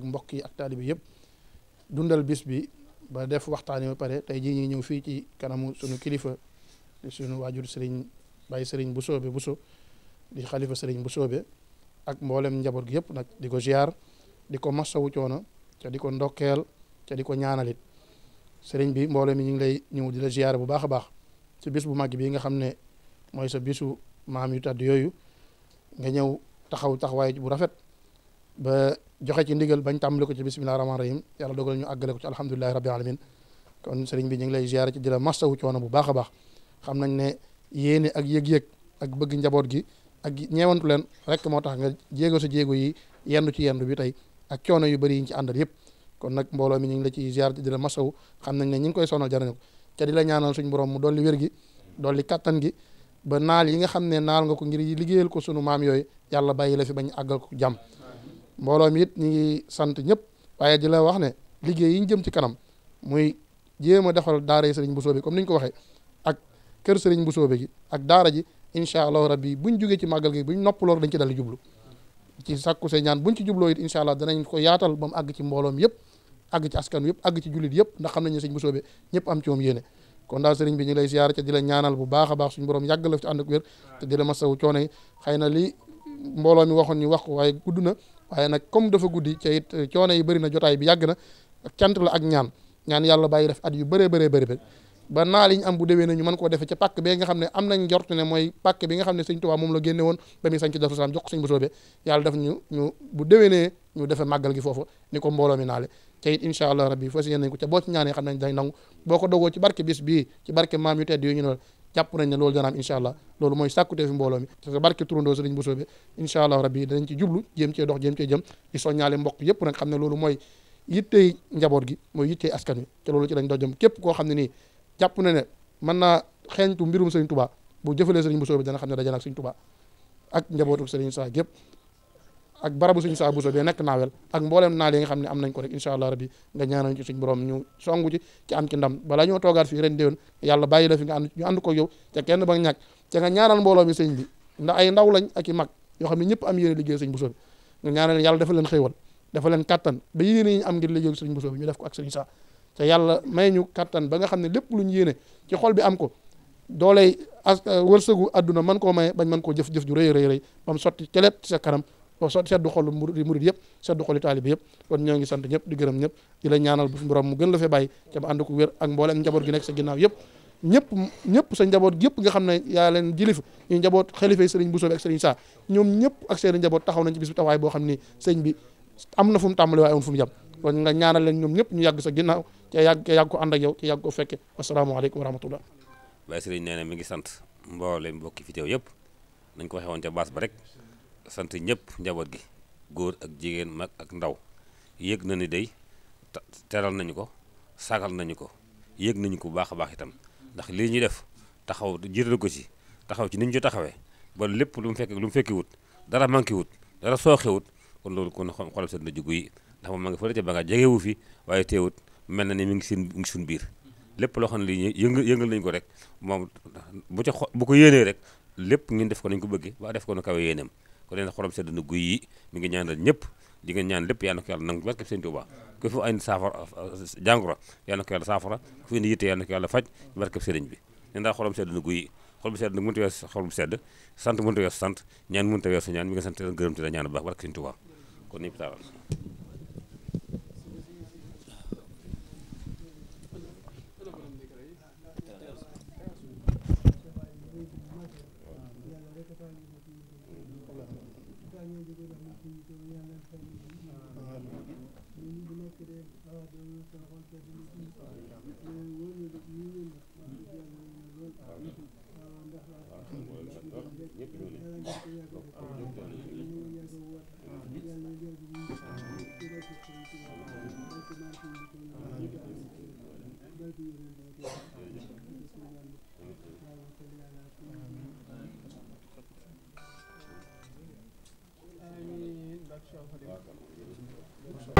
ak mbokk yi ak taalibe yëpp dundal bis bi ba def waxtaan ba pare tey jii ñuy ñëw fii ci kanamu sunu kilifa di sunu waajur sëriñ Baye sëriñ Bousso Bousso di xalifa sëriñ Bousso ak mboolem njaboot gi yëpp nag di ko ziar di ko masawu coono ca di ko ndokkeel ca di ko ñaanalit sëriñ bi mboolem mi ñu ngi lay ñëw di la ziar bu baax a baax ci bis bu màgg bii nga xam ne mooy sa bisu maam yu tàdd yooyu nga ñëw taxaw taxawaay bu rafet ba joxe ci ndigal bañ tàmbali ko ci bisimilah rahmaani rahim yàlla dogal ñu àggale ko ci alhamdulilahi rabbil alamin kon sëriñ bi ñu ngi lay ziyaare ci di la mastawu coono bu baax a baax xam nañ ne yéene ak yëg-yëg ak bëgg njaboot gi ak ñeewantu leen rek moo tax nga jéego sa jéego yi yendu ci yendu bi tey ak coono yu bëri yi ñu ci àndal yëpp kon nag mbooloo mi ñu ngi la ci ziyaare ci di la mastawu xam nañ ne ñi ngi koy sonal jarañu ko te di la ñaanal suñ borom mu dolli wér gi dolli kattan gi ba naal yi nga xam ne naal nga ko ngir liggéeyal ko sunu maam yooyu yàlla bàyyi la fi bañ àggal ko jàmm mbooloo mi it ñu ngi sant ñëpp waaye di la wax ne liggéey yi ñu jëm ci kanam muy jéem a defal daara yi sëriñ Bousso bi comme ni ñu ko waxee ak kër sëriñ Bousso bi ak daara ji incha allahu rabbi buñ jugee ci màggal gi buñ noppaloor dañ ci dal jublu ci sàkku say ñaan ci jubloo it incha allah danañ ko yaatal ba mu ci mbooloom yëpp àgg ci askan yëpp àgg ci jullit yëpp ndax xam nañ ne sëriñ Bousso bi ñëpp am ci moom yéene kon daal sëriñ bi ñu lay siyaare te di la ñaanal bu baax baax suñ borom yàgg la fi ànd ak wér te di la masawu coono yi xëy na lii mbooloo waxoon ñu wax ko waaye gudd na waaye nag comme dafa guddi ca it eh, coono yi bëri na jotaay bi yàgg na ak cant ak ñaan ñaan yàlla bàyyi def at yu bëree bëree bëri ba naa liñ am bu déwee na ñu mën koo defee ca pàkk bi nga xam ne am na njort ne mooy pàkk bi nga xam ne sëñ Tuubaa moom la génne woon ba muy sañ ci Daaru jox sëñ bu soobee yàlla def ñu ñu bu déwénee ñu defe màggal gi foofu ni ko mbooloo mi naale ca it incha allah rabbi fas yéene nañ ko ca boo ci ñaanee xam nañ dañ nangu boo ko dogoo ci barke bis bii ci barke maam yu tedd yu ñu ne jàpp nañ ne loolu dana am incha allah loolu mooy sàkkutee fi mbooloo mi parce que barke turandoo sëriñ Bousso bi incha allah rabbi danañ ci jublu jéem cee dox jéem cee jëm di soññaale mbokk yëpp nag xam ne loolu mooy yittey njaboot gi mooy yittey askan wi te loolu ci dañ dox jëm képp koo xam ne nii jàpp na ne man naa xeeñtu mbirum sëriñ Tuubaa bu jëfalee sëriñ Bousso bi dana xam ne daje na ak sëriñ Tuubaa ak njabootu sëriñ Saa gépp ak barabu suñu saa buso bee nekk naawel ak mboolem naal yi nga xam ne am nañ ko rek incha allah rabbi nga ñaanal ci suñ ñu songu ci ci am ci ndam balaa ñoo toogaat fii ren déwén yàlla bàyyi la fi nga ànd ñu ànd ko yow ca kenn ba ñàkk ca nga ñaanal mbooloo mi sëñ lañ ak i mag yoo xam ne ñëpp am yéene liggéey sëñ buso bi nga ñaanal leen yàlla dafa leen xéewal dafa leen kattan ba yéene ñu am ngir liggéey sëñ buso bi ñu def ko ak sëñ ñu kattan ba nga xam ne lépp luñ yéene ci xol bi am ko dooley war wërsëgu àdduna man koo maye bañ man koo jëf-jëf ju rëy rëy rëy bam sotti celet ci sa kanam so seddu xolu murid yëpp seddu xolu taalib yëpp kon ñoo ngi sant ñëpp di gërëm ñëpp di la ñaanal bu borom mu gën la fee bàyyi ca ba ànd njaboot gi ñëpp ñëpp sa njaboot yëpp nga xam ne yaa leen jilif ñu njaboot xalifa sëriñ Bousso bi ak sëriñ Saa ñoom ñëpp ak njaboot taxaw nañ ci bis bi taxawaay boo xam ni sëñ bi am na fu mu tàmbali waaye amul fu mu jam nga ñaanal leen ñoom ñëpp ñu yàgg sa ginnaaw te yàgg yàgg ko ànd ak yow te yàgg ko fekke asalaamaaleykum wa rahmatullah waaye nee na mi ngi sant mboolem mbokki fi yëpp nañ ko waxee woon ba rek sant ñëpp njaboot gi góor ak jigéen mag ak ndaw yëg na ni day teral nañu ko sagal nañu ko yëg nañu ko baax a baax itam ndax lii ñuy def taxaw jiital ko ci taxaw ci ni ñu ci taxawee ba lépp lu mu lu mu fekki wut dara manqué wut dara sooxewut kon loolu kon xoolal seen na jugu yi ndax moom ma nga fële ca ba nga jegewu fi waaye teewut mel na ni mu ngi seen mi suñ biir lépp loo xam ne lii yëngal yëngal nañu ko rek moom bu ca xo bu ko yéenee rek lépp ngeen def ko nañ ko bëggee waa def na kawe yéeneem ku leen xorom sedd na guy yi mi ngi ñaanal ñëpp di nga ñaan lépp yàlla na ko yàlla nangu barke sëñ Tuuba ku fi ay saafara uh, uh, jàngoro yàlla na ko yàlla saafara ku fi indi yitte yàlla na ko yàlla faj barke sëriñ bi ne ndax xorom sedd na guy yi xol bu sedd nag mënta weesu xol bu sedd sant mënta weesu sant ñaan mënta weesu ñaan mi nga sant gërëm te la ñaan bu baax barke sëñ Tuuba kon ñëpp taaral Amin.